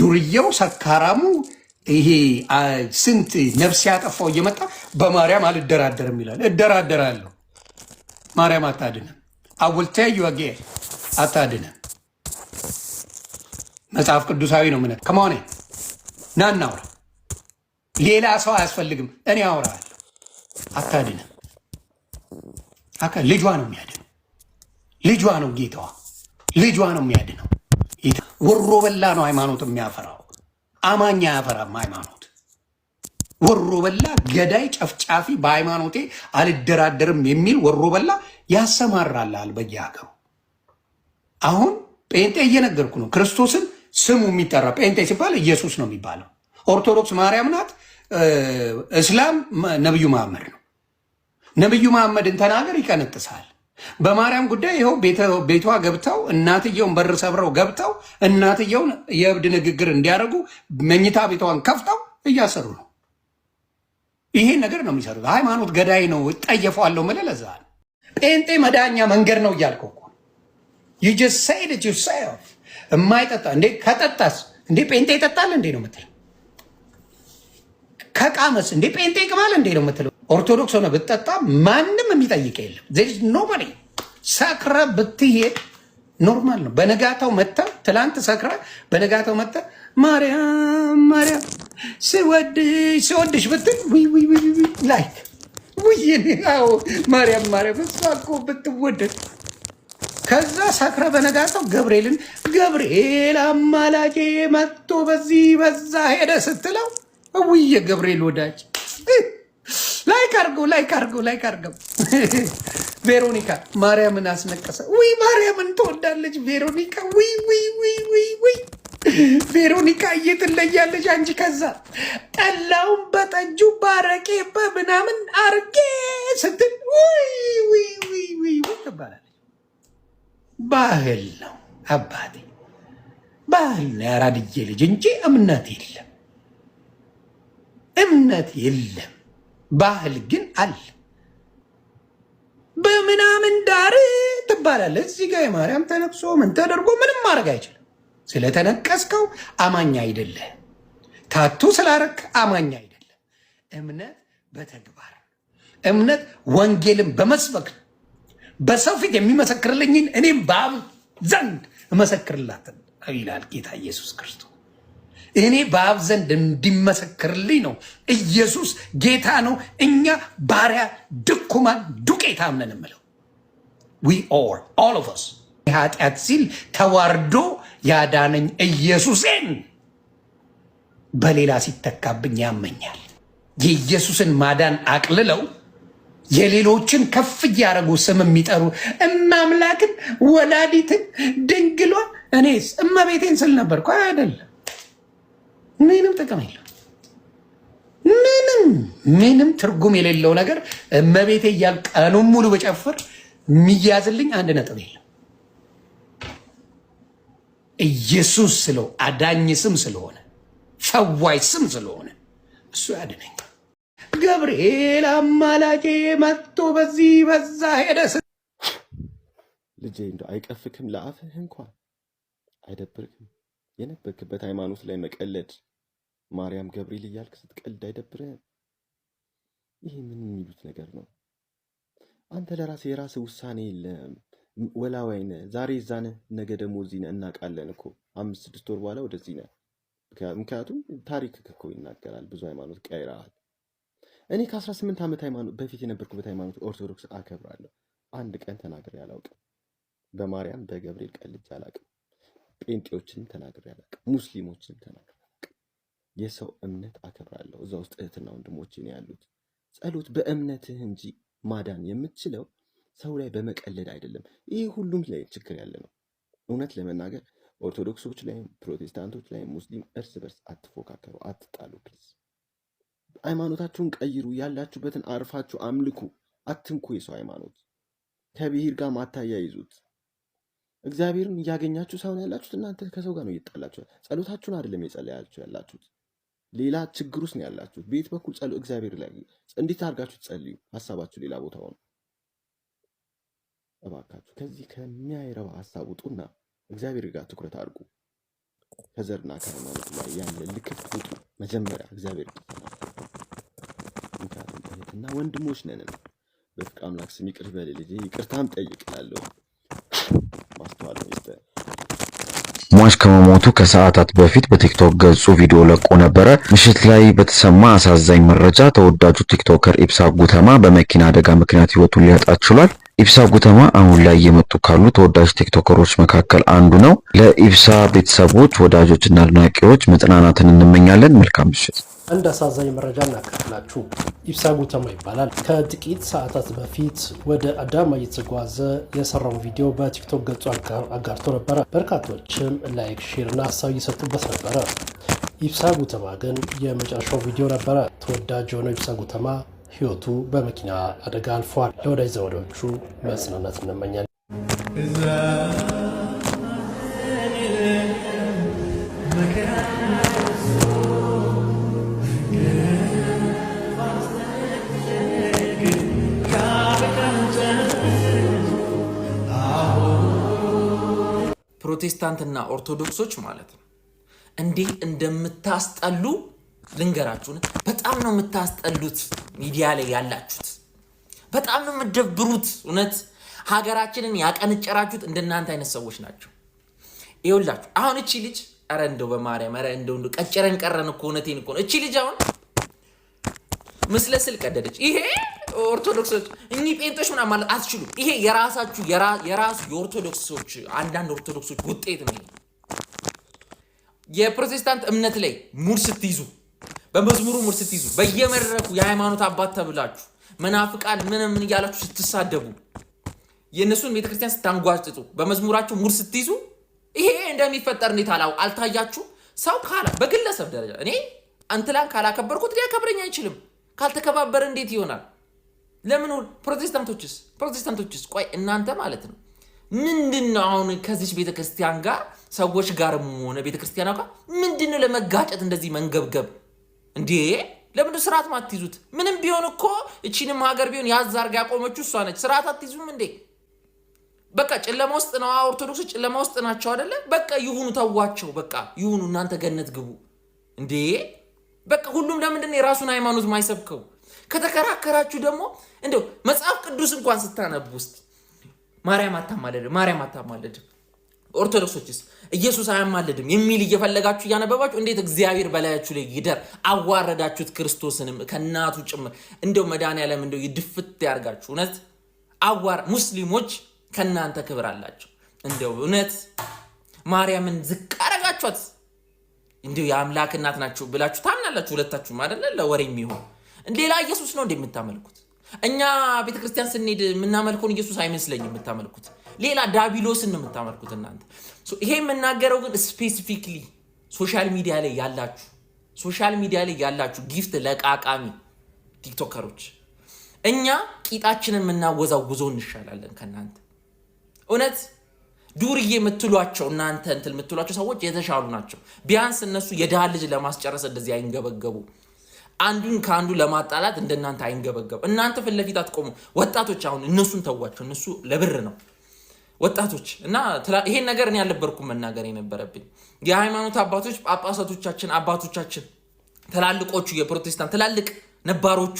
ዱርየው ሰካራሙ ይሄ ስንት ነፍስ ያጠፋው እየመጣ በማርያም አልደራደርም ይላል። እደራደራለሁ። ማርያም አታድንም። አውልተያዩ ወጌ አታድንም። መጽሐፍ ቅዱሳዊ ነው። ምነት ከመሆኔ ና እናውራ። ሌላ ሰው አያስፈልግም። እኔ አውራለሁ። አታድንም። ልጇ ነው የሚያድነው። ልጇ ነው ጌታዋ። ልጇ ነው የሚያድነው። ወሮ በላ ነው ሃይማኖት የሚያፈራው። አማኝ አያፈራም ሃይማኖት። ወሮ በላ ገዳይ፣ ጨፍጫፊ፣ በሃይማኖቴ አልደራደርም የሚል ወሮ በላ ያሰማራላል በየሀገሩ። አሁን ጴንጤ እየነገርኩ ነው። ክርስቶስን ስሙ የሚጠራ ጴንጤ ሲባል ኢየሱስ ነው የሚባለው። ኦርቶዶክስ ማርያም ናት። እስላም ነብዩ መሐመድ ነው። ነብዩ መሐመድን ተናገር ይቀነጥሳል። በማርያም ጉዳይ ይኸው ቤቷ ገብተው እናትየውን በር ሰብረው ገብተው እናትየውን የእብድ ንግግር እንዲያደርጉ መኝታ ቤቷን ከፍተው እያሰሩ ነው። ይሄን ነገር ነው የሚሰሩት። ሃይማኖት ገዳይ ነው እጠየፈዋለሁ ምለ ለዛ ጴንጤ መዳኛ መንገድ ነው እያልከው እኮ የማይጠጣ እንዴ ከጠጣስ እንዴ ጴንጤ ይጠጣል እንዴ ነው ምትል ከቃመስ እንዴ ጴንጤ ቅማል እንዴ ነው የምትለው? ኦርቶዶክስ ሆነ ብትጠጣ ማንም የሚጠይቅ የለም። ኖበዲ ሰክረ ብትሄድ ኖርማል ነው። በነጋታው መታ ትላንት ሰክራ በነጋታው መታ ማርያም ማርያም ስወድሽ ስወድሽ ብትል ላይክ ውይው ማርያም ማርያም እሷ እኮ ብትወደድ ከዛ ሰክረ በነጋታው ገብርኤልን ገብርኤል አማላጄ መጥቶ በዚህ በዛ ሄደ ስትለው ውዬ ገብርኤል ወዳጅ ላይክ አድርገው ላይክ አድርገው ላይክ አድርገው። ቬሮኒካ ማርያምን አስነቀሰ። ውይ ማርያምን ትወዳለች ቬሮኒካ። ውይ ውይ ውይ ውይ ውይ ቬሮኒካ እየትለያለች አንቺ። ከዛ ጠላውን በጠጁ ባረቄ በምናምን አርጌ ስትል ውይ ትባላለች። ባህል ነው አባቴ፣ ባህል ነው። ያራድዬ ልጅ እንጂ እምነት የለም። እምነት የለም፣ ባህል ግን አለ። በምናምን ዳር ትባላለ። እዚህ ጋ የማርያም ተነቅሶ ምን ተደርጎ ምንም ማድረግ አይችልም። ስለተነቀስከው አማኝ አይደለም። ታቱ ስላረክ አማኝ አይደለም። እምነት በተግባር እምነት ወንጌልን በመስበክ በሰው ፊት የሚመሰክርልኝን እኔም በአብ ዘንድ እመሰክርላትን ይላል ጌታ ኢየሱስ ክርስቶስ። እኔ በአብ ዘንድ እንዲመሰክርልኝ ነው። ኢየሱስ ጌታ ነው። እኛ ባሪያ ድኩማን ዱቄት አምነን የምለው ኃጢአት ሲል ተዋርዶ ያዳነኝ ኢየሱሴን በሌላ ሲተካብኝ ያመኛል። የኢየሱስን ማዳን አቅልለው የሌሎችን ከፍ እያደረጉ ስም የሚጠሩ እማምላክን ወላዲትን ድንግሏን እኔስ እመቤቴን ስል ነበር እኮ አይደለም ምንም ጥቅም የለው ምንም ምንም ትርጉም የሌለው ነገር እመቤቴ እያል ቀኑን ሙሉ በጨፍር የሚያዝልኝ አንድ ነጥብ የለም። ኢየሱስ ስለው አዳኝ ስም ስለሆነ ፈዋይ ስም ስለሆነ እሱ ያድነኝ። ገብርኤል አማላጄ መጥቶ በዚህ በዛ ሄደ። ልጄ እንደው አይቀፍክም? ለአፍህ እንኳን አይደብርክም? የነበርክበት ሃይማኖት ላይ መቀለድ ማርያም ገብርኤል እያልክ ስትቀልድ አይደብርህም? ይሄ ምን የሚሉት ነገር ነው? አንተ ለራስህ የራስህ ውሳኔ የለም። ወላዋይ ነህ። ዛሬ እዛ ነህ፣ ነገ ደግሞ እዚህ ነህ። እናውቃለን እኮ አምስት ስድስት ወር በኋላ ወደዚህ ነህ። ምክንያቱም ታሪክ እኮ ይናገራል። ብዙ ሃይማኖት ቀይረሃል። እኔ ከአስራ ስምንት ዓመት ሃይማኖት በፊት የነበርኩበት ሃይማኖት ኦርቶዶክስ አከብራለሁ። አንድ ቀን ተናግሬ አላውቅም። በማርያም በገብርኤል ቀልጄ አላውቅም። ጴንጤዎችንም ተናግሬ አላውቅም። ሙስሊሞችንም ተናግሬ የሰው እምነት አከብራለሁ። እዛ ውስጥ እህትና ወንድሞች ነው ያሉት። ጸሎት በእምነትህ እንጂ ማዳን የምትችለው ሰው ላይ በመቀለድ አይደለም። ይህ ሁሉም ላይ ችግር ያለ ነው። እውነት ለመናገር ኦርቶዶክሶች ላይም ፕሮቴስታንቶች ላይም ሙስሊም እርስ በርስ አትፎካከሩ፣ አትጣሉ። ፕሊዝ ሃይማኖታችሁን ቀይሩ። ያላችሁበትን አርፋችሁ አምልኩ። አትንኩ። የሰው ሃይማኖት ከብሔር ጋር ማታያይዙት። እግዚአብሔርን እያገኛችሁ ሳይሆን ያላችሁት እናንተ ከሰው ጋር ነው እየጣላችሁ። ጸሎታችሁን አይደለም የጸለያችሁ ያላችሁት ሌላ ችግር ውስጥ ነው ያላችሁት። በየት በኩል ጸሉ እግዚአብሔር ላይ እንዴት አድርጋችሁ ጸልዩ። ሀሳባችሁ ሌላ ቦታ ሆኖ እባካችሁ ከዚህ ከሚያይረባ ሀሳብ ውጡና እግዚአብሔር ጋር ትኩረት አድርጉ። ከዘርና ከሃይማኖት ላይ ያለ ልክት ውጡ። መጀመሪያ እግዚአብሔር ምክንያቱም ወንድሞች ነን። በፍቅር አምላክ ስም ይቅር በል ልጄ፣ ይቅርታም ጠይቅላለሁ። ሟች ከመሞቱ ከሰዓታት በፊት በቲክቶክ ገጹ ቪዲዮ ለቆ ነበረ። ምሽት ላይ በተሰማ አሳዛኝ መረጃ ተወዳጁ ቲክቶከር ኢብሳ ጉተማ በመኪና አደጋ ምክንያት ሕይወቱን ሊያጣ ችሏል። ኢብሳ ጉተማ አሁን ላይ እየመጡ ካሉ ተወዳጅ ቲክቶከሮች መካከል አንዱ ነው። ለኢብሳ ቤተሰቦች፣ ወዳጆችና አድናቂዎች መጽናናትን እንመኛለን። መልካም ምሽት። አንድ አሳዛኝ መረጃ እናቀርብላችሁ። ኢብሳ ጉተማ ይባላል። ከጥቂት ሰዓታት በፊት ወደ አዳማ እየተጓዘ የሰራውን ቪዲዮ በቲክቶክ ገጹ አጋርቶ ነበረ። በርካቶችም ላይክ፣ ሼር እና ሀሳብ እየሰጡበት ነበረ። ኢብሳ ጉተማ ግን የመጨረሻው ቪዲዮ ነበረ። ተወዳጅ የሆነው ኢብሳ ጉተማ ህይወቱ በመኪና አደጋ አልፏል። ለወዳጅ ዘመዶቹ መጽናናት እንመኛለን። ፕሮቴስታንትና ኦርቶዶክሶች ማለት ነው እንዴት እንደምታስጠሉ ልንገራችሁ። በጣም ነው የምታስጠሉት። ሚዲያ ላይ ያላችሁት በጣም ነው የምደብሩት እውነት ሀገራችንን ያቀንጨራችሁት እንደናንተ አይነት ሰዎች ናቸው። ይኸውላችሁ አሁን እቺ ልጅ ኧረ እንደው በማርያም ኧረ እንደው እንደው ቀጨረን ቀረን እኮ እውነቴን እኮ ነው። እቺ ልጅ አሁን ምስለ ስል ቀደደች ይሄ ኦርቶዶክሶች እኚህ ጴንጦች ምናምን ማለት አትችሉ። ይሄ የራሳችሁ የራሱ የኦርቶዶክሶች አንዳንድ ኦርቶዶክሶች ውጤት ነው። የፕሮቴስታንት እምነት ላይ ሙድ ስትይዙ፣ በመዝሙሩ ሙድ ስትይዙ፣ በየመድረኩ የሃይማኖት አባት ተብላችሁ መናፍቃን ምን ምን እያላችሁ ስትሳደቡ፣ የእነሱን ቤተክርስቲያን ስታንጓጥጡ፣ በመዝሙራችሁ ሙድ ስትይዙ ይሄ እንደሚፈጠር እንዴት አልታያችሁ? ሰው ካላ በግለሰብ ደረጃ እኔ እንትላን ካላከበርኩት ሊያከብረኝ አይችልም። ካልተከባበር እንዴት ይሆናል? ለምን ሁሉ ፕሮቴስታንቶችስ ፕሮቴስታንቶችስ ቆይ እናንተ ማለት ነው ምንድን ነው አሁን ከዚች ቤተክርስቲያን ጋር ሰዎች ጋር ሆነ ቤተክርስቲያን ጋር ምንድን ነው ለመጋጨት እንደዚህ መንገብገብ እንዴ ለምንድን ስርዓት ማትይዙት ምንም ቢሆን እኮ እቺንም ሀገር ቢሆን ያዝ አርጋ ቆመች እሷ ነች ስርዓት አትይዙም እንዴ በቃ ጨለማ ውስጥ ነው ኦርቶዶክሶች ጨለማ ውስጥ ናቸው አይደለ በቃ ይሁኑ ተዋቸው በቃ ይሁኑ እናንተ ገነት ግቡ እንዴ በቃ ሁሉም ለምንድን ነው የራሱን ሃይማኖት ማይሰብከው ከተከራከራችሁ ደግሞ እንደው መጽሐፍ ቅዱስ እንኳን ስታነቡ ውስጥ ማርያም አታማልድም፣ ማርያም አታማልድም፣ ኦርቶዶክሶችስ ኢየሱስ አያማልድም የሚል እየፈለጋችሁ እያነበባችሁ እንዴት እግዚአብሔር በላያችሁ ላይ ይደር። አዋረዳችሁት ክርስቶስንም ከእናቱ ጭምር። እንደው መድኃኒዓለም እንደው ይድፍት ያርጋችሁ። እውነት አዋር ሙስሊሞች ከእናንተ ክብር አላቸው። እንደው እውነት ማርያምን ዝቅ አረጋችኋት። እንዲሁ የአምላክ እናት ናችሁ ብላችሁ ታምናላችሁ ሁለታችሁም አይደለ? ለወሬ የሚሆን ሌላ ኢየሱስ ነው እንደ የምታመልኩት። እኛ ቤተክርስቲያን ስንሄድ የምናመልከውን ኢየሱስ አይመስለኝ የምታመልኩት፣ ሌላ ዳቢሎስን ነው የምታመልኩት እናንተ። ይሄ የምናገረው ግን ስፔሲፊክሊ ሶሻል ሚዲያ ላይ ያላችሁ ሶሻል ሚዲያ ላይ ያላችሁ ጊፍት ለቃቃሚ ቲክቶከሮች እኛ ቂጣችንን የምናወዛውዘው እንሻላለን ከእናንተ እውነት ዱርዬ የምትሏቸው እናንተ እንትን የምትሏቸው ሰዎች የተሻሉ ናቸው። ቢያንስ እነሱ የድሃ ልጅ ለማስጨረስ እንደዚህ አይንገበገቡ። አንዱን ከአንዱ ለማጣላት እንደናንተ አይንገበገብ። እናንተ ፊት ለፊት አትቆሙ። ወጣቶች አሁን እነሱን ተዋቸው፣ እነሱ ለብር ነው ወጣቶች እና ይሄን ነገር እኔ ያልነበርኩም መናገር የነበረብኝ የሃይማኖት አባቶች ጳጳሳቶቻችን፣ አባቶቻችን፣ ትላልቆቹ የፕሮቴስታንት ትላልቅ ነባሮቹ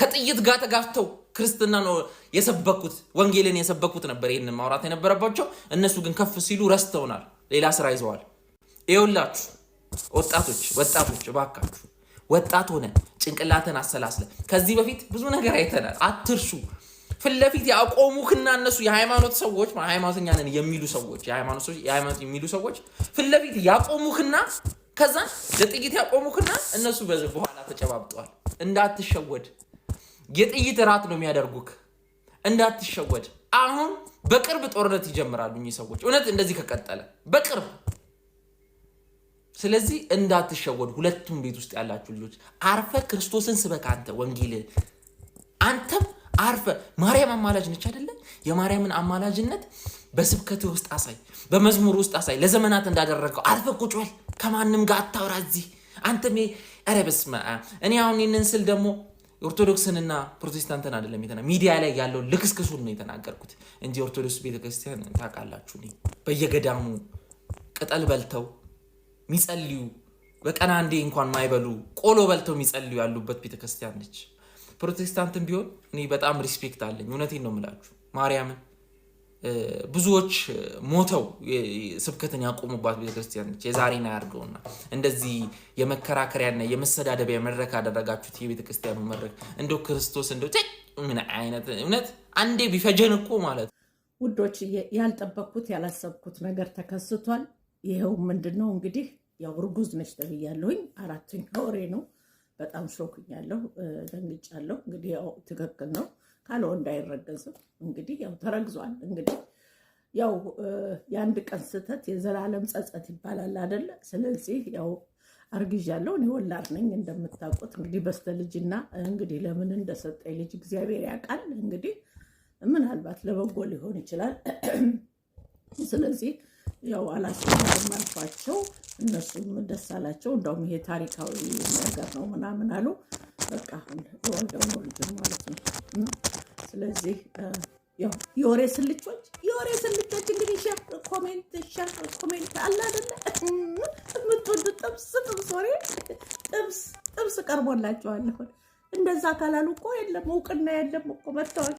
ከጥይት ጋር ተጋፍተው ክርስትና ነው የሰበኩት፣ ወንጌልን የሰበኩት ነበር ይህንን ማውራት የነበረባቸው። እነሱ ግን ከፍ ሲሉ ረስተውናል፣ ሌላ ስራ ይዘዋል። ይኸውላችሁ ወጣቶች ወጣቶች እባካችሁ ወጣት ሆነ ጭንቅላትን አሰላስለ ከዚህ በፊት ብዙ ነገር አይተናል። አትርሱ። ፊት ለፊት ያቆሙህና እነሱ የሃይማኖት ሰዎች ሃይማኖተኛ ነን የሚሉ ሰዎች የሃይማኖት የሚሉ ሰዎች ፊት ለፊት ያቆሙህና ከዛ ለጥይት ያቆሙህና እነሱ በኋላ ተጨባብጠዋል። እንዳትሸወድ የጥይት እራት ነው የሚያደርጉክ። እንዳትሸወድ። አሁን በቅርብ ጦርነት ይጀምራሉ እኚህ ሰዎች እውነት እንደዚህ ከቀጠለ በቅርብ ስለዚህ እንዳትሸወድ ሁለቱም ቤት ውስጥ ያላችሁ ልጆች አርፈ ክርስቶስን ስበክ። አንተ ወንጌል አንተም አርፈ ማርያም አማላጅ ነች አይደለ? የማርያምን አማላጅነት በስብከት ውስጥ አሳይ፣ በመዝሙር ውስጥ አሳይ። ለዘመናት እንዳደረገው አርፈ ቁጭ በል። ከማንም ጋር አታውራ። እዚህ አንተም ኧረ በስመ አብ። እኔ አሁን ይህንን ስል ደግሞ ኦርቶዶክስንና ፕሮቴስታንትን አይደለም የተና ሚዲያ ላይ ያለው ልክስክሱን ነው የተናገርኩት እንጂ ኦርቶዶክስ ቤተክርስቲያን ታውቃላችሁ፣ በየገዳሙ ቅጠል በልተው የሚጸልዩ በቀን አንዴ እንኳን ማይበሉ ቆሎ በልተው የሚጸልዩ ያሉበት ቤተክርስቲያን ነች። ፕሮቴስታንትን ቢሆን እኔ በጣም ሪስፔክት አለኝ። እውነቴን ነው የምላችሁ ማርያምን። ብዙዎች ሞተው ስብከትን ያቆሙባት ቤተክርስቲያን ነች። የዛሬን አያድርገውና እንደዚህ የመከራከሪያና የመሰዳደቢያ መድረክ ያደረጋችሁት የቤተክርስቲያኑ መድረክ እንደው ክርስቶስ እንደው ምን አይነት እምነት አንዴ ቢፈጀን እኮ ማለት ውዶች፣ ያልጠበቅኩት ያላሰብኩት ነገር ተከስቷል። ይኸው ምንድን ነው እንግዲህ ያው እርጉዝ ነች ተብያለሁኝ። አራተኛ ወሬ ነው። በጣም ሾክኛለሁ፣ ደንግጫለሁ። እንግዲህ ያው ትክክል ነው ካልሆነ እንዳይረገዝም እንግዲህ ያው ተረግዟል። እንግዲህ ያው የአንድ ቀን ስህተት የዘላለም ጸጸት ይባላል አደለ? ስለዚህ ያው አርግዣለሁ። እኔ ወላድ ነኝ እንደምታውቁት። እንግዲህ በስተ ልጅና እንግዲህ ለምን እንደሰጠኝ ልጅ እግዚአብሔር ያውቃል። እንግዲህ ምናልባት ለበጎ ሊሆን ይችላል። ስለዚህ ያው አላስቸጋሪ አልፏቸው እነሱም ደስ አላቸው። እንደውም ይሄ ታሪካዊ ነገር ነው ምናምን አሉ። በቃ ወልደው ነው ልጁን ማለት ነው። ስለዚህ የወሬ ስልቾች የወሬ ስልቾች እንግዲህ ሸር ኮሜንት ሸር ኮሜንት አለ አይደለ? የምትወዱ ጥብስ ጥብስ ወሬ ጥብስ ጥብስ ቀርቦላቸዋለሁ። እንደዛ ካላሉ እኮ የለም እውቅና የለም እኮ መታወቂ